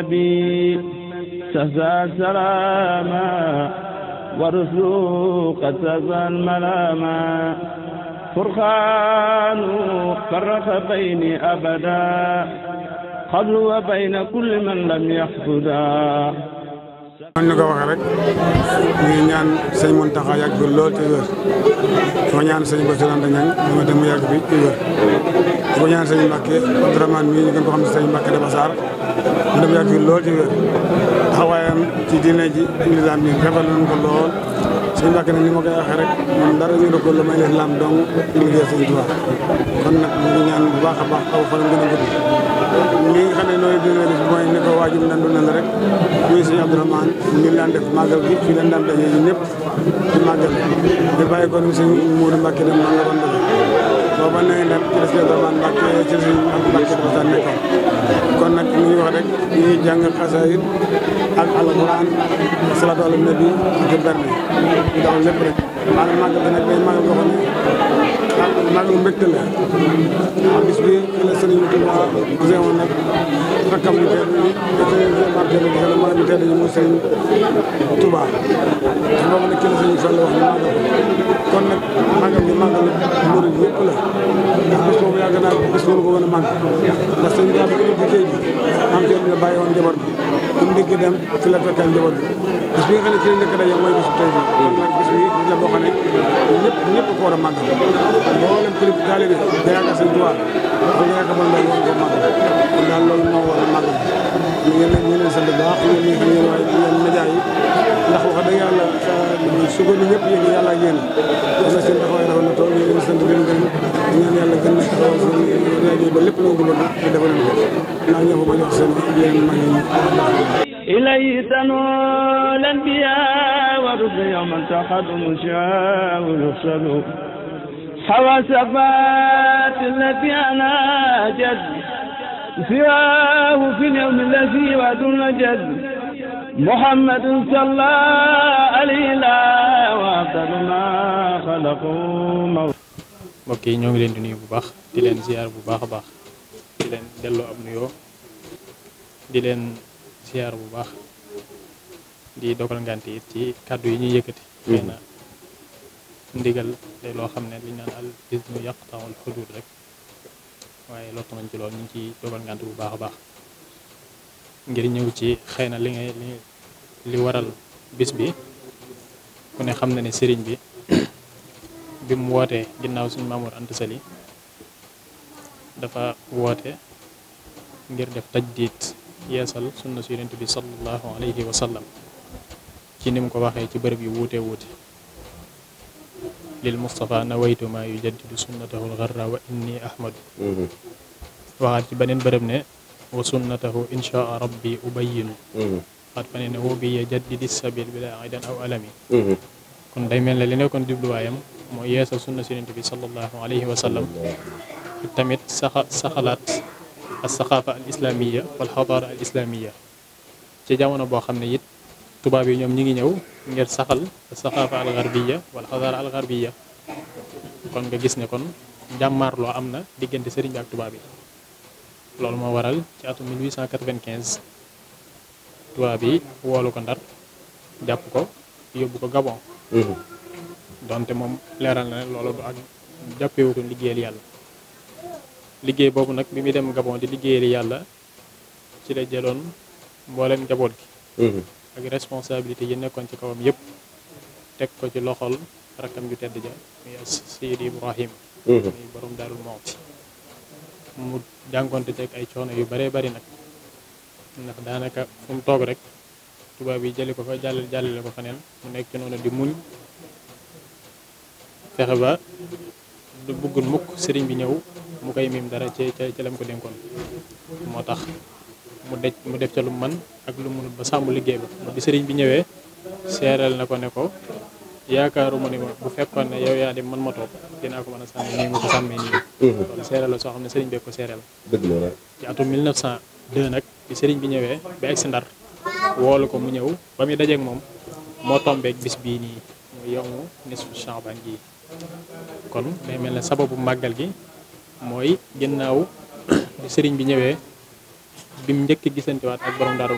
النبي سهزا سلاما ورسلوك سهزا ملاما فرخان فرق بيني أبدا قبل وبين كل من لم يحفظا man ñu ko waxee rek ñu ñaan sëñ Mountakha yàgg bi lool te wér foo ñaan sëñ Bassirou Anta Niang dama dem yàgg bi te wér foo ñaan sëñ Mbacké Abdourahmane mii ñu gën ko xam ne sëñ Mbacké Dabassar dina yàgg lool ci wér taxawaayam ci diine ji lislaam bi rafetlu nañ ko lool suñu mbàkk nag ni ma koy rek moom dara ñu ko la may lislaam dong liggéey Sëñ Tuubaa kon nag ñu ngi ñaan bu baax a baax aw fanam gën a nga ne nooy dina def mooy ne ko waajib nan du nan rek muy Sëñ Abdourahmane ñu daan def màggal gi fii lañ daan dajee ñëpp ci màggal di bàyyi kon Sëñ Moodu Mbàkke dem man la ko booba nee na ci la si Abdourahmane kon nag ñu ngi wax rek ñu ngi jàng xasaayid ak alquran ak salaatu ala nabi ak berne ñu daan lépp rek maanaam màggal bi nag day màggal la waaw bis la sëriñ bi Tuuba gisee woon nag rakkam ñu ñu teel ñu mu sëriñ Tuuba boobu nag ci la bu mu déggee dem ci la fekkal njaboot bi bis bi nga xam ne ci la njëkk a daje mooy bisu tey bi kon nag bis bi la boo xam ne ñëpp ñëpp ko war a màgg mboolem kilifa taale bi da yaakaar seen tuwaar ko yaakaar moom mooy war ko màgg kon daal loolu moo war a màgg ñu ngi leen ñu leen sant baax ñu ngi xam yéen waaye yéen média yi ndax wax dëgg yàlla euh, su ko ni ñëpp yéegi yàlla ak yéen na seen taxawaay rafet na tool ñu leen sant leen gërëm ñaan yàlla gën a taxawal seen rajo ba lépp loo bëgg a defal leen ko ndax ñoo ko bañ a wax seen yéen mag yi إليه سنوا الأنبياء والرسل يوما تقدم الشعاع ويفسدوا حوى الصفات التي أنا جد سواه في اليوم الذي ودون جد محمد صلى عليه وأفضل ما خلقوا موت mbokk yi ñoo ngi leen di nuyu bu baax di leen ziar bu baax a baax di leen delloo am nuyoo di leen siyaar bu baax di dogal ngànt it ci kàddu yi ñuy yëkkati xëy ndigal te loo xam ne liñ naan al isnu yaqtaul waaye lott nañ ci loolu ñu ngi ciy dogal ngànt bu baax a baax ngir ñëw ci xëy na li li waral bis bi ku ne xam na ne sëriñ bi bi mu wootee ginnaaw suñu Mamour Anta Sali dafa woote ngir def tajdiit yeesal sunna su yonent bi sallallahu alayhi wa ci ni mu ko waxee ci bërëb yu wuute wuute lil Mustafa nawaytu maa yujaddidu sunnatahu lgarra wa inni ahmadu mhm. waxaat ci beneen bërëb ne wa sunnatahu inchaa rabbi ubayinu mhm. waxaat fa ne ne woo bi yajaddidi sabil bi la aidan aw alami mhm. kon day mel ne li nekkoon jubluwaayam mooy yeesal sunna su yonent bi sallallahu alayhi tamit saxa saxalaat alsaxaafa al islaamiya wal xadaara al islaamiya ci jamono boo xam ne it tubaab yi ñoom ñi ngi ñëw ngir saxal alsaxaafa al garbiya wal xadaara al garbiya kon nga gis ne kon loo am na diggante sëriñ bi ak tubaab yi loolu moo waral ci atum 1895 tubaab yi woolu ko ndar jàpp ko yóbbu ko Gabon mhm. donte moom leeral na ne loolu du ak jàppewu ko liggéeyal yàlla liggéey boobu nag bi muy dem Gabon di liggéeyal yàlla ci la jëloon mbooleem njaboot gi mhm. ak responsabilité yi nekkoon ci kawam yëpp teg ko ci loxol rakkam yu tedd ja muy Seydi Ibrahim mhm. muy borom Daarul Muhti mu jànkonte ci ay coono yu bëree bari nag ndax daanaka fu toog rek tubaab yi jëli ko fa jàllale jàllale ko feneen mu nekk ci noonu di muñ fexe ba du bëggul mukk sëriñ bi ñëw mu koy miim dara ci ci lam ko dénkoon moo tax mu dej mu def ca lu mu man ak lu mënut ba sàmm liggéey ba bi sëriñ bi ñëwee seeral na ko ne ko yaakaaruma ne ma bu fekkoon ne yow yaa dem man ma toog dinaa ko mën a sàmm nii ma ko sàmmee nii mhm. loolu soo xam ne sëriñ bee ko seeral dëgg la ci atum 1902 nag bi sëriñ bi ñëwee ba egsi Ndar woolu ko mu ñëw ba muy moom moo tombeeg bis bii nii mooy yow mu nisu Chaabaan gii kon day mel ne sababu màggal gi mooy ginnaaw bi sëriñ bi ñëwee bim njëkk gisantewaat ak borom daaru